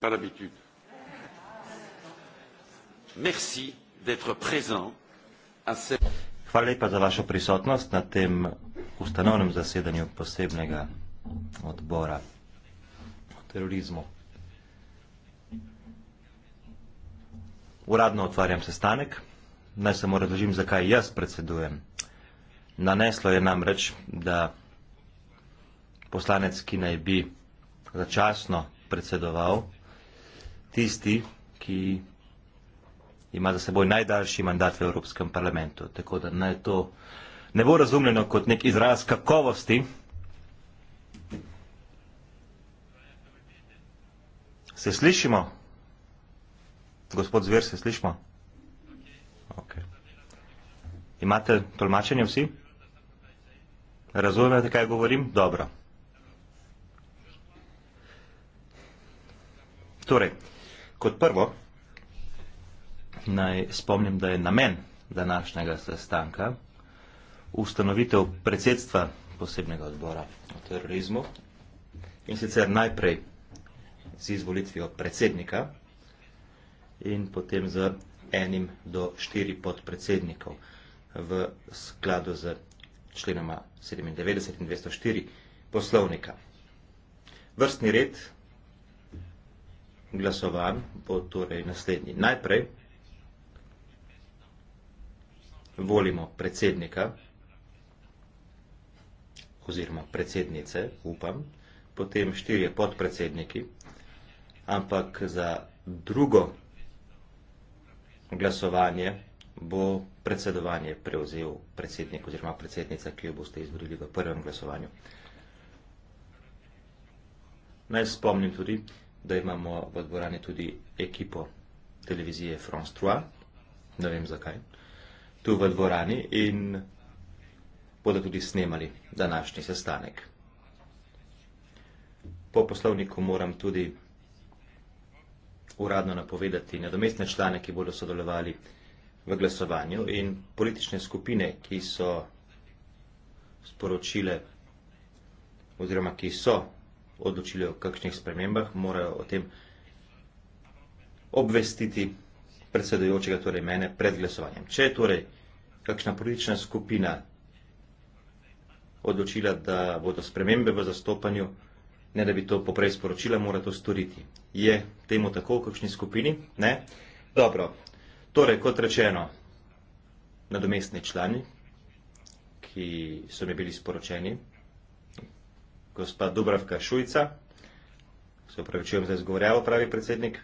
pas l'habitude. Merci d'être présent à cette... Hvala lepa za vašo prisotnost na tem ustanovnem zasedanju posebnega odbora o terorizmu. Uradno otvarjam sestanek, naj samo razložim, zakaj jaz predsedujem. Naneslo je namreč, da poslanec, ki naj bi začasno predsedoval, tisti, ki ima za seboj najdaljši mandat v Evropskem parlamentu. Tako da naj to ne bo razumljeno kot nek izraz kakovosti. Se slišimo? Gospod Zver, se slišimo? Okay. Imate tolmačenje vsi? Razumete, kaj govorim? Dobro. Torej, Kot prvo, naj spomnim, da je namen današnjega sestanka ustanovitev predsedstva posebnega odbora o terorizmu in sicer najprej z izvolitvijo predsednika in potem z enim do štiri podpredsednikov v skladu z členoma 97 in 204 poslovnika. Vrstni red glasovanj bo torej naslednji. Najprej volimo predsednika oziroma predsednice, upam, potem štirje podpredsedniki, ampak za drugo glasovanje bo predsedovanje prevzel predsednik oziroma predsednica, ki jo boste izvodili v prvem glasovanju. Naj spomnim tudi, da imamo v dvorani tudi ekipo televizije France 3, ne vem zakaj, tu v dvorani in bodo tudi snemali današnji sestanek. Po poslovniku moram tudi uradno napovedati nadomestne člane, ki bodo sodelovali v glasovanju in politične skupine, ki so sporočile oziroma ki so odločili o kakšnih spremembah, morajo o tem obvestiti predsedojočega, torej mene, pred glasovanjem. Če je torej kakšna politična skupina odločila, da bodo spremembe v zastopanju, ne da bi to poprej sporočila, mora to storiti. Je temu tako v kakšni skupini? Ne? Dobro. Torej, kot rečeno, nadomestni člani, ki so mi bili sporočeni, gospa Dubravka Šujca, se upravičujem za izgovorjavo, pravi predsednik,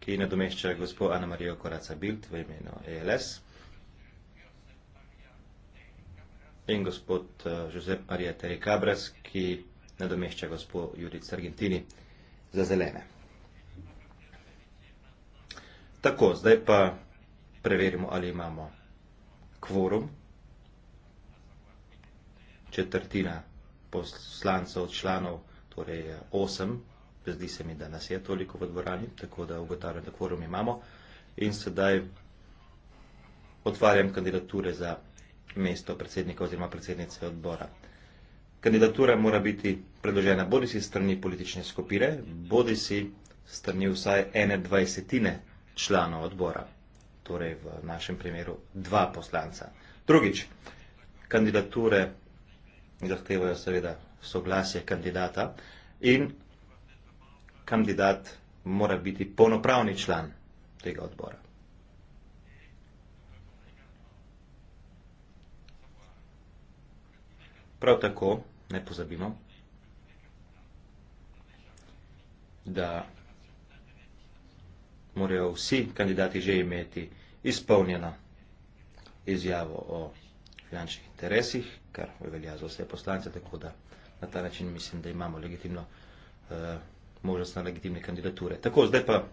ki nadomešča gospo Ana Marijo Koraca Bild v imenu ELS in gospod eh, Josep Marija Teri Kabras, ki nadomešča gospo Judic Argentini za zelene. Tako, zdaj pa preverimo, ali imamo kvorum. Četrtina poslancev, članov, torej eh, osem, zdi se mi, da nas je toliko v dvorani, tako da ugotavljam, da kvorum imamo. In sedaj otvarjam kandidature za mesto predsednika oziroma predsednice odbora. Kandidatura mora biti predložena bodi si strani politične skupine, bodi si strani vsaj ene dvajsetine članov odbora, torej v našem primeru dva poslanca. Drugič, kandidature zahtevajo seveda soglasje kandidata in kandidat mora biti polnopravni član tega odbora. Prav tako, ne pozabimo, da morajo vsi kandidati že imeti izpolnjeno izjavo o finančnih interesih kar velja za vse poslance, tako da na ta način mislim, da imamo legitimno uh, možnost na legitimne kandidature. Tako, zdaj pa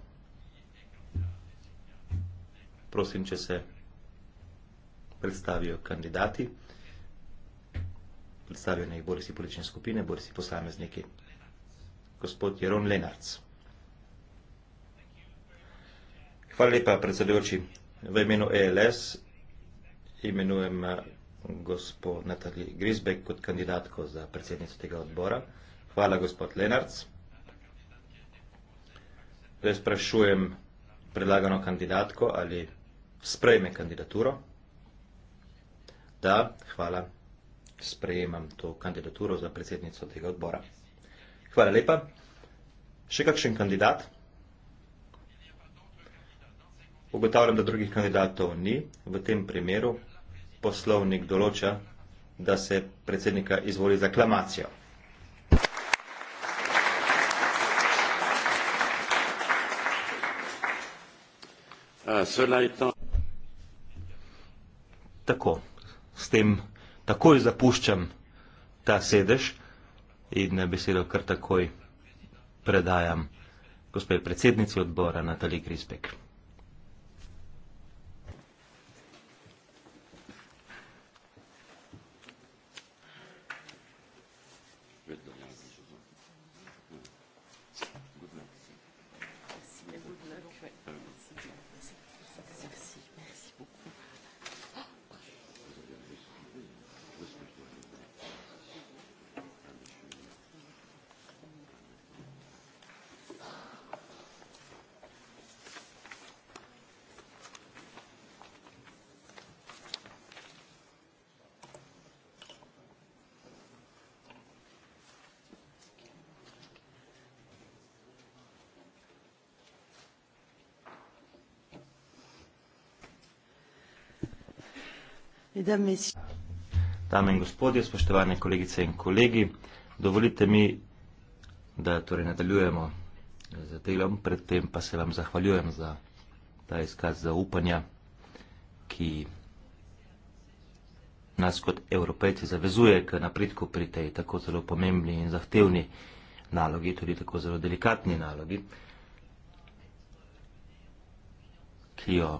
prosim, če se predstavijo kandidati, predstavijo nekaj bori si politične skupine, bori si posamezniki. Gospod Jeron Lenarc. Hvala lepa, predsedujoči. V imenu ELS imenujem eh, gospod Natali Grisbek kot kandidatko za predsednico tega odbora. Hvala, gospod Lenarc. Zdaj sprašujem predlagano kandidatko, ali sprejme kandidaturo. Da, hvala, sprejemam to kandidaturo za predsednico tega odbora. Hvala lepa. Še kakšen kandidat? Ugotavljam, da drugih kandidatov ni. V tem primeru poslovnik določa, da se predsednika izvoli z aklamacijo. Eh, Tako, s tem takoj zapuščam ta sedež in na besedo kar takoj predajam gospe predsednici odbora Natali Grisbek. Dame in gospodje, spoštovane kolegice in kolegi, dovolite mi, da torej nadaljujemo z delom, predtem pa se vam zahvaljujem za ta izkaz zaupanja, ki nas kot evropejci zavezuje k napredku pri tej tako zelo pomembni in zahtevni nalogi, tudi tako zelo delikatni nalogi, ki jo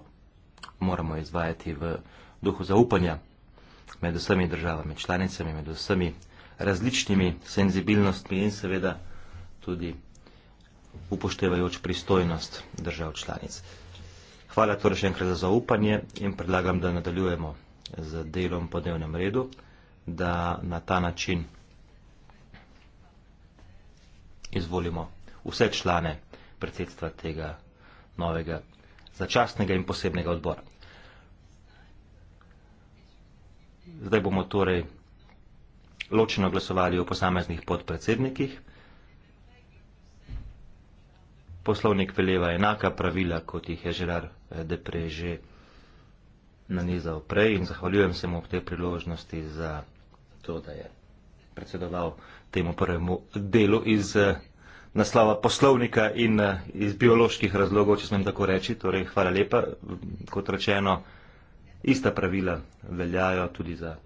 moramo izvajati v duhu zaupanja med vsemi državami, članicami, med vsemi različnimi senzibilnostmi in seveda tudi upoštevajoč pristojnost držav članic. Hvala torej še enkrat za zaupanje in predlagam, da nadaljujemo z delom po dnevnem redu, da na ta način izvolimo vse člane predsedstva tega novega začasnega in posebnega odbora. Zdaj bomo torej ločeno glasovali o posameznih podpredsednikih. Poslovnik veleva enaka pravila, kot jih je Žerar eh, Depre že nanizal prej in zahvaljujem se mu v tej priložnosti za to, da je predsedoval temu prvemu delu iz eh, naslova poslovnika in eh, iz bioloških razlogov, če smem tako reči. Torej, hvala lepa. Kot rečeno, Ista pravila veljajo tudi za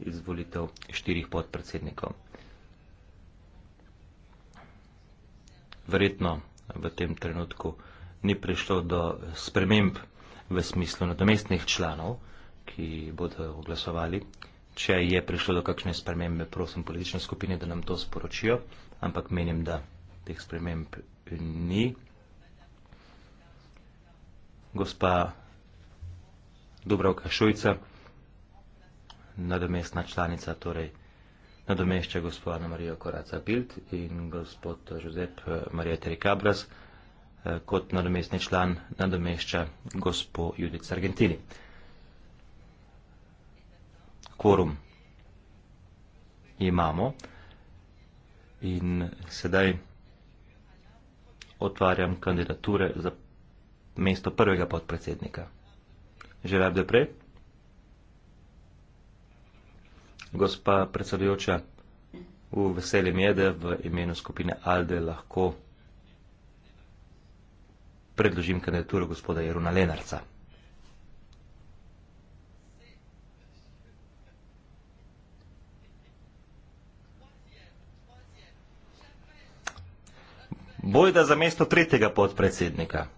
izvolitev štirih podpredsednikov. Verjetno v tem trenutku ni prišlo do sprememb v smislu nadomestnih članov, ki bodo oglasovali. Če je prišlo do kakšne spremembe, prosim politične skupine, da nam to sporočijo, ampak menim, da teh sprememb ni. Gospa Dubrovka Šujca, nadomestna članica, torej nadomešča gospod Marijo Koraca Bild in gospod Žozep eh, Marija Terikabras eh, kot nadomestni član nadomešča gospo Judica Argentini. Korum imamo in sedaj otvarjam kandidature za mesto prvega podpredsednika že rade prej. Gospa predsedujoča, v veselim je, da v imenu skupine Alde lahko predložim kandidaturo gospoda Jeruna Lenarca. Bojda za mesto tretjega podpredsednika.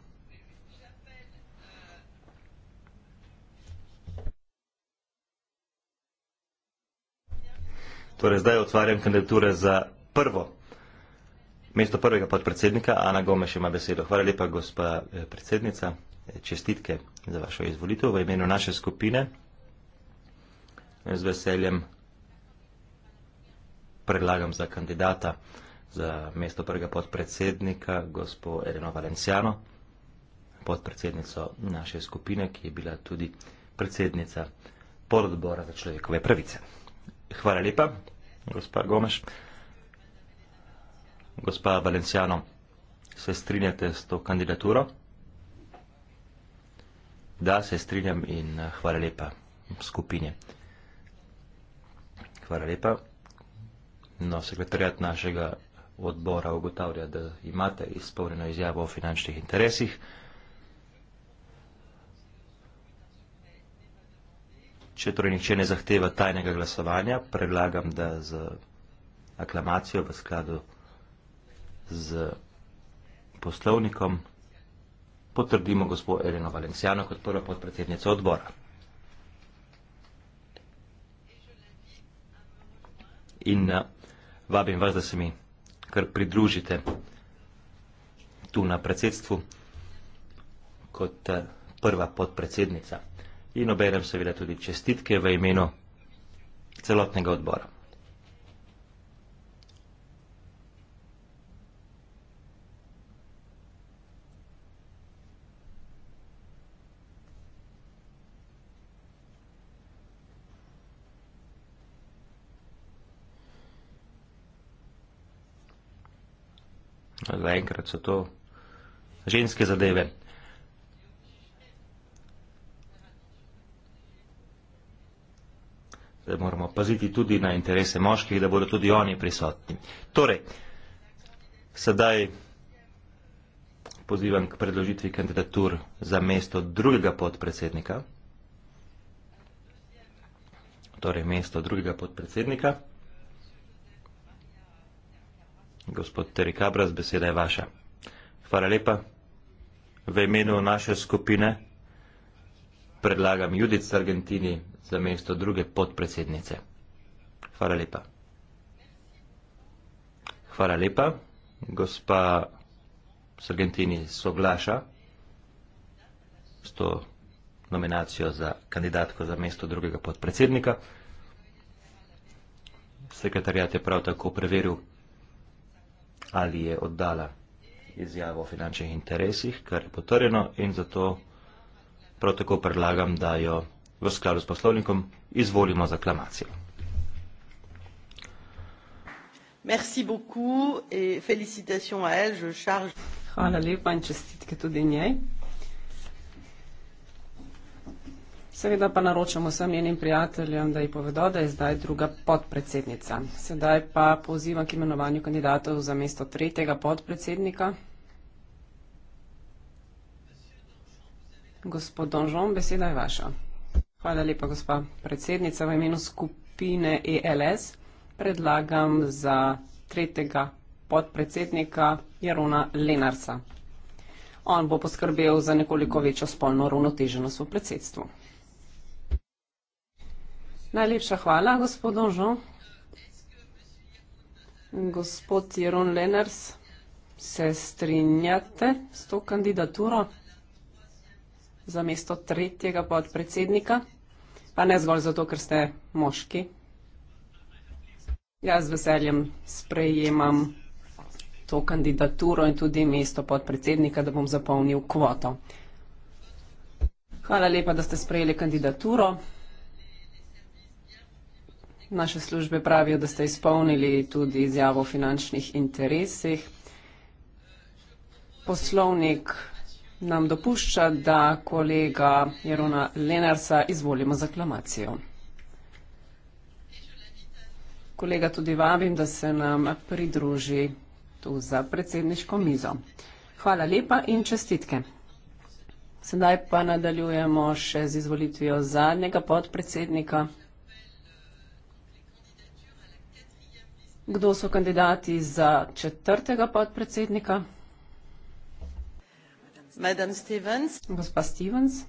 Torej, zdaj otvarjam kandidature za prvo mesto prvega podpredsednika. Ana Gomeš ima besedo. Hvala lepa, gospa eh, predsednica. Eh, čestitke za vašo izvolitev v imenu naše skupine. Eh, z veseljem predlagam za kandidata za mesto prvega podpredsednika, gospo Ereno Valenciano, podpredsednico naše skupine, ki je bila tudi predsednica pododbora za človekove pravice. Hvala lepa, gospa Gomeš. Gospa Valencijano, se strinjate s to kandidaturo? Da, se strinjam in eh, hvala lepa skupine. Hvala lepa. No, sekretarjat našega odbora ugotavlja, da imate izpolnjeno izjavo o finančnih interesih. Če torej nihče ne zahteva tajnega glasovanja, predlagam, da z aklamacijo v skladu z poslovnikom potrdimo gospod Eleno Valenciano kot prvo podpredsednico odbora. In eh, vabim vas, da se mi kar pridružite tu na predsedstvu kot eh, prva podpredsednica in obenem seveda tudi čestitke v imenu celotnega odbora. Zaenkrat so to ženske zadeve. da moramo paziti tudi na interese moških, da bodo tudi oni prisotni. Torej, sedaj pozivam k predložitvi kandidatur za mesto drugega podpredsednika. Torej, mesto drugega podpredsednika. Gospod Terikabras, beseda je vaša. Hvala lepa. V imenu naše skupine predlagam Judic Argentini za mesto druge podpredsednice. Hvala lepa. Hvala lepa. Gospa Sargentini soglaša s to nominacijo za kandidatko za mesto drugega podpredsednika. Sekretarjat je prav tako preveril, ali je oddala izjavo o finančnih interesih, kar je potrjeno in zato Prav tako predlagam, da jo v skladu s poslovnikom izvolimo za aklamacijo. Hvala lepa in čestitke tudi njej. Seveda pa naročam vsem njenim prijateljem, da ji povedo, da je zdaj druga podpredsednica. Sedaj pa pozivam k imenovanju kandidatov za mesto tretjega podpredsednika. Gospod Donžon, beseda je vaša. Hvala lepa, gospa predsednica. V imenu skupine ELS predlagam za tretjega podpredsednika Jarona Lenarca. On bo poskrbel za nekoliko večjo spolno ravnoteženost v predsedstvu. Najlepša hvala, gospod Donžon. Gospod Jeron Lenars, se strinjate s to kandidaturo? za mesto tretjega podpredsednika, pa ne zgolj zato, ker ste moški. Jaz z veseljem sprejemam to kandidaturo in tudi mesto podpredsednika, da bom zapolnil kvoto. Hvala lepa, da ste sprejeli kandidaturo. Naše službe pravijo, da ste izpolnili tudi izjavo o finančnih interesih. Poslovnik nam dopušča, da kolega Jerona Lenarsa izvolimo za aklamacijo. Kolega, tudi vabim, da se nam pridruži tu za predsedniško mizo. Hvala lepa in čestitke. Sedaj pa nadaljujemo še z izvolitvijo zadnjega podpredsednika. Kdo so kandidati za četrtega podpredsednika? Gospa Stevens,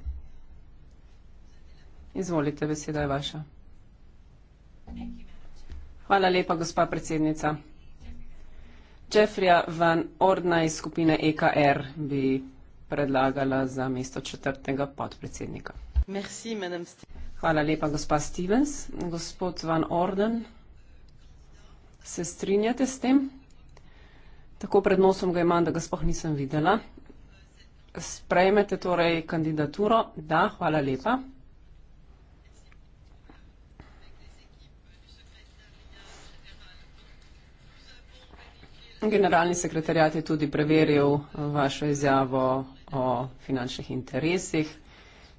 izvolite, beseda je vaša. Hvala lepa, gospa predsednica. Jeffreya Van Ordna iz skupine EKR bi predlagala za mesto četrtega podpredsednika. Merci, Hvala lepa, gospa Stevens. Gospod Van Orden, se strinjate s tem? Tako pred nosom ga imam, da ga sploh nisem videla sprejmete torej kandidaturo? Da, hvala lepa. Generalni sekretarjat je tudi preveril eh, vašo izjavo o finančnih interesih.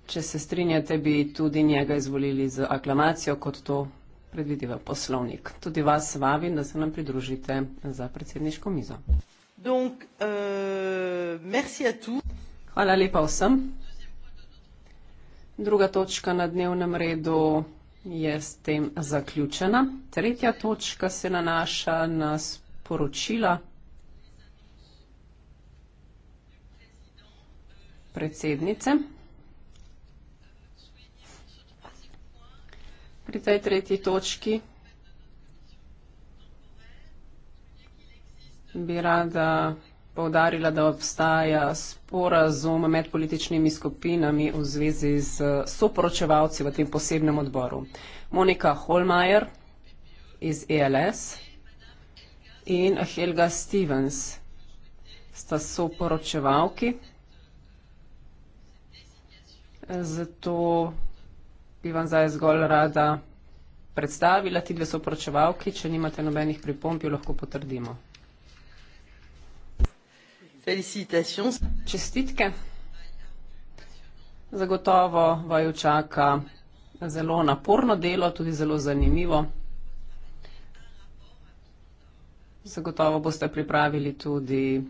Če se strinjate, bi tudi njega izvolili z aklamacijo, kot to predvideva poslovnik. Tudi vas vabim, da se nam pridružite za predsedniško mizo. Donc, euh, merci à tous. Hvala lepa vsem. Druga točka na dnevnem redu je s tem zaključena. Tretja točka se nanaša na sporočila predsednice. Pri tej tretji točki bi rada povdarila, da obstaja sporazum med političnimi skupinami v zvezi z eh, soporočevalci v tem posebnem odboru. Monika Holmajer iz ELS in Helga Stevens sta soporočevalki. Zato bi vam zdaj zgolj rada predstavila ti dve soporočevalki. Če nimate nobenih pripomb, jo lahko potrdimo. Čestitke. Zagotovo vaju čaka zelo naporno delo, tudi zelo zanimivo. Zagotovo boste pripravili tudi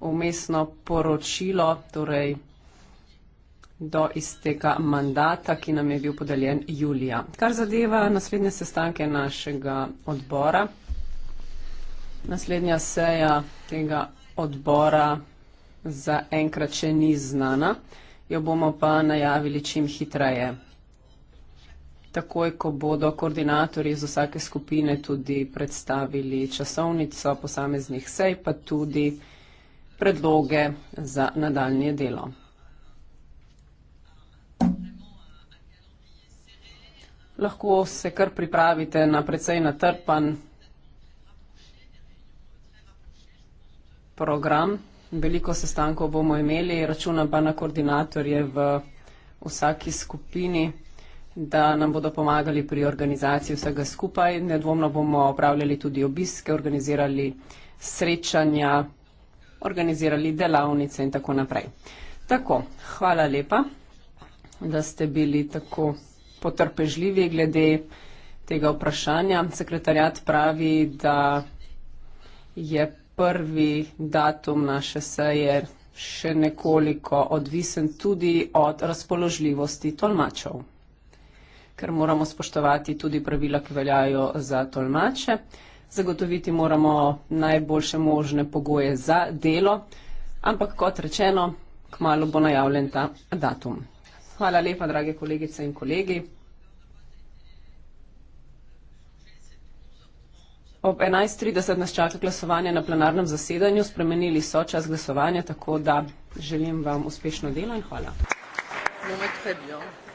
umestno poročilo, torej do izteka mandata, ki nam je bil podeljen julija. Kar zadeva naslednje sestanke našega odbora, naslednja seja tega odbora, odbora zaenkrat še ni znana, jo bomo pa najavili čim hitreje. Takoj, ko bodo koordinatorji iz vsake skupine tudi predstavili časovnico posameznih sej, pa tudi predloge za nadaljnje delo. Lahko se kar pripravite na precej natrpan program. Veliko sestankov bomo imeli, računam pa na koordinatorje v vsaki skupini, da nam bodo pomagali pri organizaciji vsega skupaj. Nedvomno bomo opravljali tudi obiske, organizirali srečanja, organizirali delavnice in tako naprej. Tako, hvala lepa, da ste bili tako potrpežljivi glede tega vprašanja. Sekretarjat pravi, da je prvi datum naše seje še nekoliko odvisen tudi od razpoložljivosti tolmačev, ker moramo spoštovati tudi pravila, ki veljajo za tolmače. Zagotoviti moramo najboljše možne pogoje za delo, ampak kot rečeno, kmalo bo najavljen ta datum. Hvala lepa, drage kolegice in kolegi. Ob 11.30 nas čaka glasovanje na plenarnem zasedanju. Spremenili so čas glasovanja, tako da želim vam uspešno delo in hvala. Non, mais très bien.